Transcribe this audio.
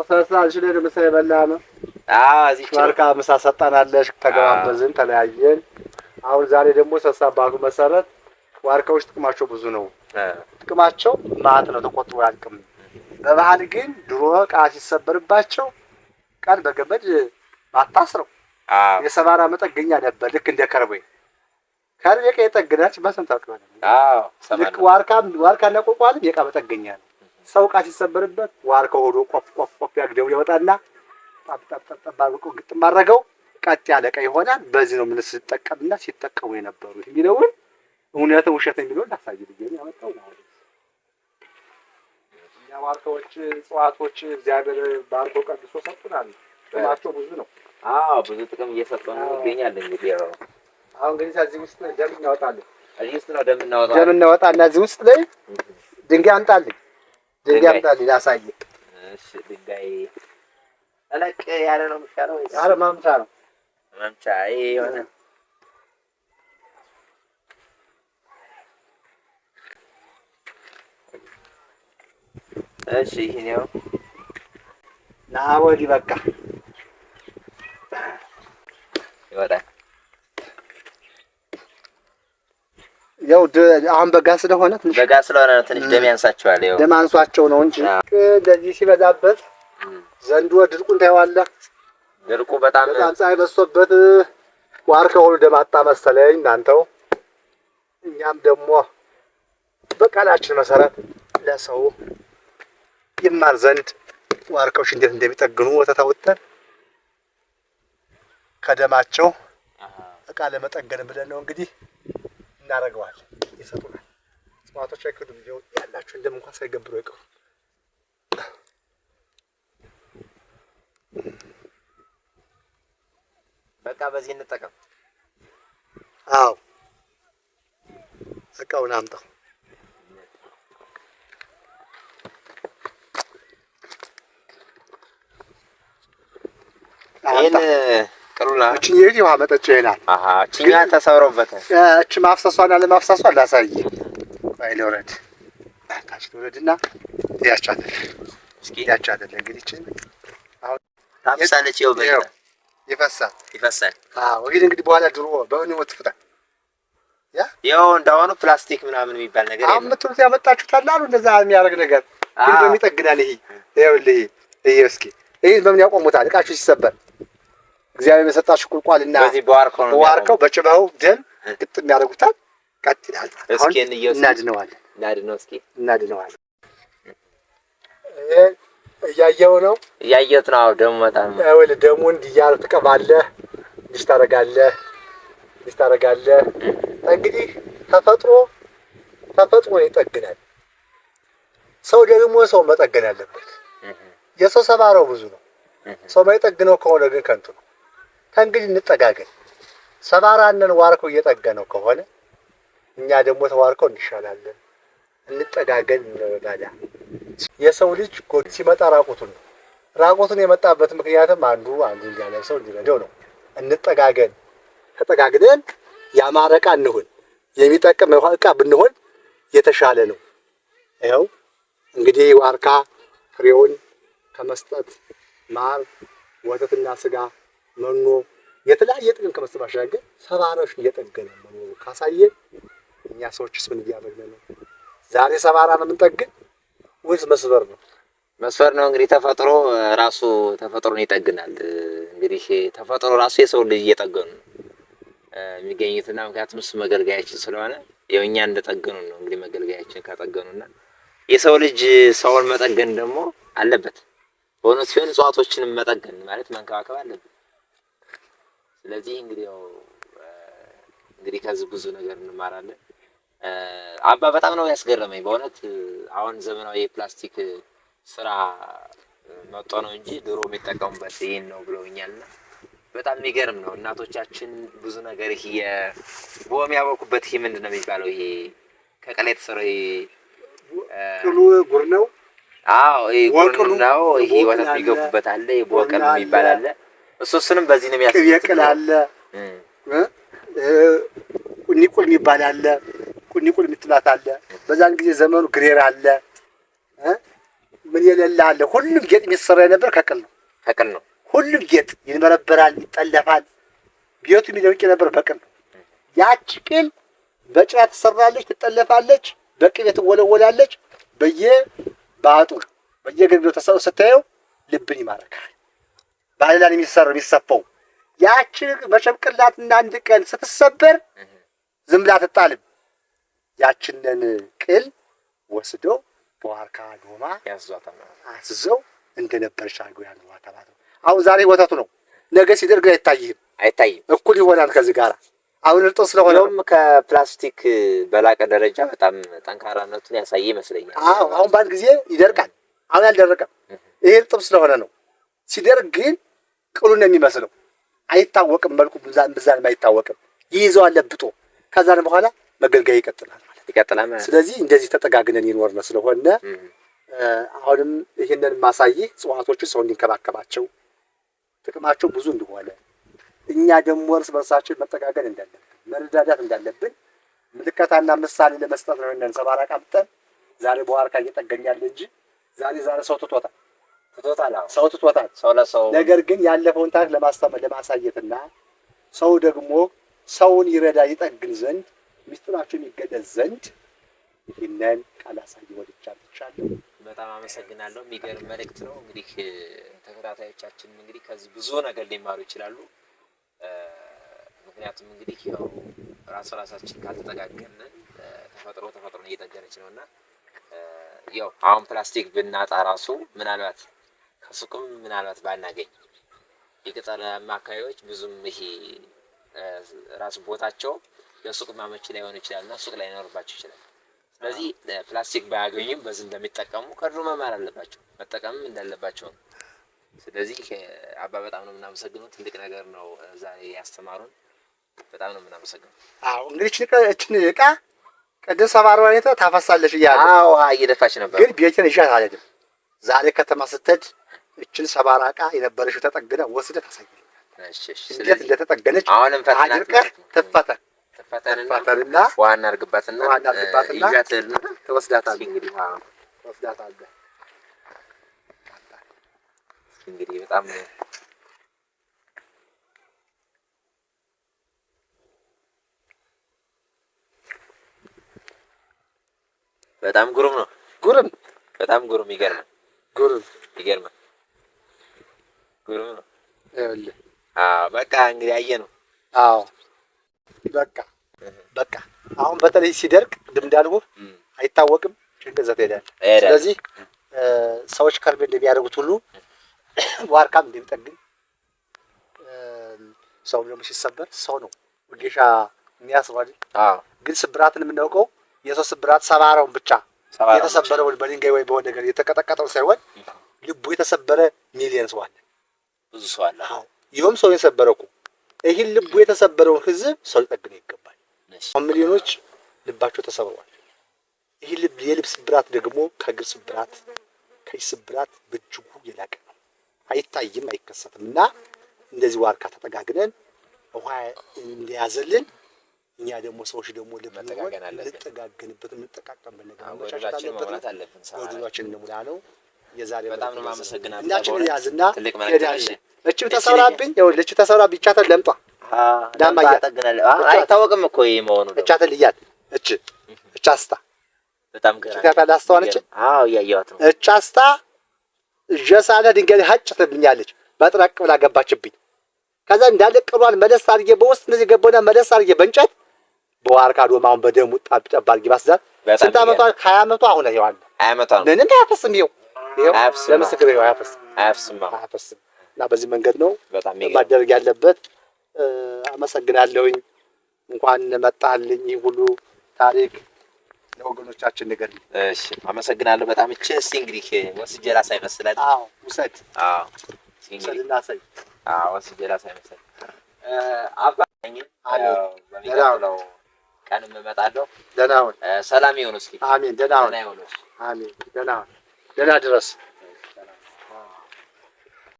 ምሳ የበላ ነው። እዚህ ማርካ ምሳ ሰጠናለሽ፣ ተገባበዝን፣ ተለያየን። አሁን ዛሬ ደግሞ ሰሳ ባሉ መሰረት ዋርካዎች ጥቅማቸው ብዙ ነው። ጥቅማቸው ማት ነው፣ በባህል ግን ድሮ ሲሰበርባቸው ቀን በገመድ ማታስረው የሰባራ መጠገኛ ነበር። ልክ እንደ ከርቤ ከርቤ ቀ የጠግናች በስንት ልክ ዋርካ ዋርካ እና ቁልቋልም መጠገኛ ነው። ሰው ዕቃ ሲሰበርበት ዋርከው ሆዶ ቆፍ ቆፍ ቆፍ ያግደው ይወጣና ጣብ ጣብ ጣብ ባርቆ ግጥም አድርገው ቀጥ ያለ ቀይ ይሆናል። በዚህ ነው ምን ሲጠቀምና ሲጠቀሙ የነበሩት የሚለውን እውነት ውሸት የሚለውን ላሳይ ብዬ ያመጣው ማለት እኛ ዋርካዎች፣ እጽዋቶች እግዚአብሔር ባርኮ ቀድሶ ሰጡናል። ጥቅማቸው ብዙ ነው። አዎ ብዙ ጥቅም ነው ይገኛል። እንግዲህ ያው አሁን ግን እዚህ ውስጥ ደም እናወጣለን። እዚህ ውስጥ ነው ደም እናወጣለን። ደም እናወጣና እዚህ ውስጥ ላይ ድንጋይ አምጣልኝ ድንጋይ አምጣልኝ ላሳይህ። እሺ ድንጋይ ጠለቅ ያለ ነው የሚሻለው ወይስ? ኧረ ማምቻ ነው ማምቻ። ይሄ የሆነ እሺ ይሄ ነው። ና ወዲህ በቃ ይወጣል ያው አሁን በጋ ስለሆነ ትንሽ በጋ ስለሆነ ትንሽ ደም ያንሳቸዋል። ያው ደም አንሷቸው ነው እንጂ እንደዚህ ሲበዛበት ዘንድሮ ድርቁን ታየዋለህ። ድርቁ በጣም በጣም ፀሐይ በዝቶበት ዋርከው ደም አጣ መሰለኝ እናንተው። እኛም ደግሞ በቃላችን መሰረት ለሰው ይማር ዘንድ ዋርካዎች እንዴት እንደሚጠግኑ ወተት ከደማቸው እቃ ለመጠገን ብለን ነው እንግዲህ እናደርገዋለን። ይሰጡናል። እጽዋቶች አይክዱም። ይኸው ያላቸው እንደም እንኳን ሳይገብሩ አይቀሩ። በቃ በዚህ እንጠቀም። አዎ እቃውን አምጣው። ይህን አሉና እችኛ የት ውሃ መጠጫ ይሄዳል። እችኛ ተሰብሮበታል። እች ማፍሰሷን ያለ ማፍሰሷን ላሳይ ባይለ ወረድ ታች ወረድና ያቻለ እስኪ ያቻለ እንግዲህ እችን አሁን ታፍሳለች። ይኸው በይላ ይፈሳል ይፈሳል። አዎ እንግዲህ በኋላ ድሮ በእኔ ወጥፍታ ያ ያው እንዳሁኑ ፕላስቲክ ምናምን የሚባል ነገር አሁን የምትሉት ያመጣችሁት አለ አሉ እንደዛ የሚያደርግ ነገር ግን ይሄ ይኸውልህ ይሄ እስኪ ይሄ በምን ያቆሙታል እቃችሁ ሲሰበር እግዚአብሔር በሰጣችሁ ቁልቋል ቁልቋልና በዋርከው በጭባው ደም ግጥም ያደርጉታል። ቀጥ ይላል። እናድነው እስኪ እናድነዋለን። እያየው ነው እያየሁት ነው። ደሙ መጣን ወይ ደሙ እንዲያር ትቀባለህ፣ እንዲህ ታደርጋለህ፣ እንዲህ ታደርጋለህ። እንግዲህ ተፈጥሮ ተፈጥሮን ይጠግናል። ሰው ደግሞ ሰው መጠገን ያለበት የሰው ሰባረው ብዙ ነው። ሰው ማይጠግነው ከሆነ ግን ከንቱ ነው። ከእንግዲህ እንጠጋገን። ሰባራነን ዋርኮው እየጠገነው ከሆነ እኛ ደግሞ ተዋርቀው እንሻላለን። እንጠጋገን፣ እንረዳዳ። የሰው ልጅ ጎድ ሲመጣ ራቁቱን ነው። ራቁቱን የመጣበት ምክንያትም አንዱ አንዱ ሰው እንዲረደው ነው። እንጠጋገን፣ ተጠጋግደን ያማረ ዕቃ እንሁን። የሚጠቅም ዕቃ ብንሆን የተሻለ ነው። ይኸው እንግዲህ ዋርካ ፍሬውን ከመስጠት ማር፣ ወተትና ስጋ መኖ የተለያየ ጥቅም ከመስጠት ባሻገር ሰባራዎች እየጠገነ መኖሩ ካሳየ እኛ ሰዎችስ ምን እያደረግን ነው? ዛሬ ሰባራ ነው የምንጠግን ወይስ መስበር ነው? መስፈር ነው እንግዲህ። ተፈጥሮ ራሱ ተፈጥሮን ይጠግናል። እንግዲህ ተፈጥሮ ራሱ የሰው ልጅ እየጠገኑ ነው የሚገኙትና ምክንያቱም እሱ መገልገያችን ስለሆነ ያው እኛ እንደጠገኑ ነው እንግዲህ መገልገያችን ካጠገኑና የሰው ልጅ ሰውን መጠገን ደግሞ አለበት። በእውነት ሲሆን እጽዋቶችንም መጠገን ማለት መንከባከብ አለበት። ስለዚህ እንግዲህ ያው እንግዲህ ከዚህ ብዙ ነገር እንማራለን። አባ በጣም ነው ያስገረመኝ በእውነት አሁን ዘመናዊ የፕላስቲክ ስራ መጥቶ ነው እንጂ ድሮ የሚጠቀሙበት ይህን ነው ብለውኛል። እና በጣም የሚገርም ነው። እናቶቻችን ብዙ ነገር ይሄ የቦም ያበኩበት ይሄ ምንድን ነው የሚባለው? ይሄ ከቀላ የተሰራ ቅሉ ጉር ነው። አዎ ይሄ ጉር ነው። ይሄ ወተት የሚገቡበት አለ። ቦቅል ቦቀል የሚባል አለ እሱስንም በዚህ ነው የሚያስብ። ቅል አለ ቁኒቁል የሚባል አለ ቁኒቁል የምትላት አለ። በዛን ጊዜ ዘመኑ ግሬር አለ ምን የሌለ አለ። ሁሉም ጌጥ የሚሰራ የነበር ከቅል ነው ከቅል ነው። ሁሉም ጌጥ ይመረበራል፣ ይጠለፋል። ቤቱ የሚደምቅ የነበር በቅል ነው። ያቺ ቅል በጭራ ትሰራለች፣ ትጠለፋለች፣ በቅቤ ትወለወላለች። በየ በአጡ በየገቢው ተሰው ስታየው ልብን ይማርካል። ባህላን የሚሰር የሚሰፋው ያቺ እና አንድ ቀን ስትሰበር ዝም ብላ አትጣልም። ያችንን ቅል ወስዶ በዋርካ ዶማ አስዘው እንደነበረች አድርገው ያኑሯት ማለት ነው። አሁን ዛሬ ወተቱ ነው፣ ነገ ሲደርግ አይታይህም፣ አይታይም፣ እኩል ይሆናል ከዚህ ጋር አሁን እርጦ ስለሆነውም ከፕላስቲክ በላቀ ደረጃ በጣም ጠንካራነቱን ያሳየ ይመስለኛል። አሁን በአንድ ጊዜ ይደርቃል። አሁን ያልደረቀም ይሄ እርጥብ ስለሆነ ነው። ሲደርግ ግን ቅሉ ነው የሚመስለው። አይታወቅም፣ መልኩ ብዛን ብዛን አይታወቅም። ይይዘዋል ለብጦ። ከዛን በኋላ መገልገያ ይቀጥላል ማለት ይቀጥላል። ስለዚህ እንደዚህ ተጠጋግነን ይኖርነ ስለሆነ አሁንም ይህንን ማሳይህ እጽዋቶችን ሰው እንዲንከባከባቸው ጥቅማቸው ብዙ እንደሆነ እኛ ደግሞ እርስ በርሳችን መጠጋገን እንዳለብን መረዳዳት እንዳለብን ምልከታና ምሳሌ ለመስጠት ነው። ሰባራ ቃምጠን ዛሬ በዋርካ እየጠገኛለ እንጂ ዛሬ ዛሬ ሰው ትቶታል። ሰው ትቶታል። ነገር ግን ያለፈውን ታሪክ ለማስታመን ለማሳየትና ሰው ደግሞ ሰውን ይረዳ ይጠግን ዘንድ ሚስጥራቸውን ይገደል ዘንድ ይህንን ቃል አሳይ ወድቻ ብቻለሁ። በጣም አመሰግናለሁ። የሚገርም መልእክት ነው። እንግዲህ ተከታታዮቻችን እንግዲህ ከዚህ ብዙ ነገር ሊማሩ ይችላሉ። ምክንያቱም እንግዲህ ያው ራስ ራሳችን ካልተጠጋገን ተፈጥሮ ተፈጥሮን እየጠገነች ነው እና ያው አሁን ፕላስቲክ ብናጣ ራሱ ምናልባት ከሱቁም ምናልባት ባናገኝ የቅጠላማ አካባቢዎች ብዙም ይሄ ራሱ ቦታቸው ለሱቅ ማመች ላይ ሆኑ ይችላል እና ሱቅ ላይ ይኖርባቸው ይችላል። ስለዚህ ፕላስቲክ ባያገኙም በዚህ እንደሚጠቀሙ ከድሮ መማር አለባቸው፣ መጠቀምም እንዳለባቸው ነው። ስለዚህ አባ በጣም ነው የምናመሰግነው። ትልቅ ነገር ነው ዛሬ ያስተማሩን። በጣም ነው የምናመሰግነው። አዎ እንግዲህ እችን እቃ ቅድም ሰባርባ ታፈሳለች እያለ እየደፋች ነበር፣ ግን ቤትን ይሻት አለድም ዛሬ ከተማ ስትሄድ እችን ሰባራ ዕቃ የነበረሽው ተጠግነ ወስደ ታሳያለህ። እንዴት እንደተጠገነች አሁንም አድርቀህ ትፈተን ትፈተንና ዋና አድርግባትና ዋና አድርግባትና ትወስዳታለህ። እንግዲህ ትወስዳታለህ። እንግዲህ በጣም በጣም ጉሩም ነው። ጉሩም በጣም ጉሩም ይገርማል። ጉሩም ይገርማል። ጉሩም ነው። አዎ በቃ እንግዲህ አየህ ነው። አዎ በቃ በቃ አሁን በተለይ ሲደርቅ ድምዳልቦ አይታወቅም፣ ጭንቅዘት ትሄዳለህ። ስለዚህ ሰዎች ከርቤ እንደሚያደርጉት ሁሉ ዋርካም እንደሚጠግን ሰው ደግሞ ሲሰበር ሰው ነው ወጌሻ የሚያስባል። ግን ስብራትን የምናውቀው የሰው ስብራት ሰባረውን ብቻ የተሰበረ በድንጋይ ወይ በሆነ ነገር የተቀጠቀጠው ሳይሆን ልቡ የተሰበረ ሚሊየን ሰው አለ፣ ብዙ ሰው አለ። አዎ ይኸውም ሰው የሰበረ እኮ ይህን ልቡ የተሰበረውን ህዝብ ሰው ሊጠግነው ይገባል። ሚሊዮኖች ልባቸው ተሰብረዋል። ይህ የልብ ስብራት ደግሞ ከእግር ስብራት ከእጅ ስብራት በእጅጉ የላቀ ነው። አይታይም፣ አይከሰትም። እና እንደዚህ ዋርካ ተጠጋግነን ውሃ እንዲያዘልን እኛ ደግሞ ሰዎች ደግሞ ልጠጋገንበት የምንጠቃቀምበት ነገር መሆናችን አለብን። ጎድሏችን ደግሞ ላለው የዛሬ በጣም ነው የማመሰግናለሁ። እናችን ያዝና ሄዳለህ። እችም ተሰራብኝ ይኸውልህ፣ እችም ተሰራብኝ። ቻተ ለምጧ ዳማያ አይታወቅም እኮ ይሄ መሆኑ ቻተ ልያት እች እቻስታ በጣም ገራ ታታ አስተዋለች። አዎ እያየኋት ነው። ድንገት ሀጭ ትብኛለች። በጥራቅ ብላ ገባችብኝ። ከዛ እንዳለ ቅሯን መለስ አድርጌ በውስጥ እነዚህ ገቦና መለስ አድርጌ በእንጨት በዋርካ ዶማ አሁን በደሙ ጣብ ጣብ አድርጊ ባስዛት ስንት አመቷ? ሀያ አመቷ አሁን ይዋል አለ ሀያ አመቷ ነው። ምንም አያፈስም። ይው ይኸው ለምስክር ይኸው አያፈስም፣ አያፈስም፣ አያፈስም። እና በዚህ መንገድ ነው ማደረግ ያለበት። አመሰግናለሁኝ። እንኳን መጣልኝ ሁሉ ታሪክ ለወገኖቻችን ነገር እሺ፣ አመሰግናለሁ በጣም። እቺ እስቲ እንግዲህ ወስጄ ላሳይ መሰለኝ። አዎ ውሰድ። አዎ ውሰድ እና ሳይ። አዎ ወስጄ ላሳይ መሰለኝ። አባ ነኝ አዎ ነው ቀንም እመጣለሁ። ደህና ሁን። ሰላም ይሁን። እስኪ አሜን። ደህና ሁን። ደህና ድረስ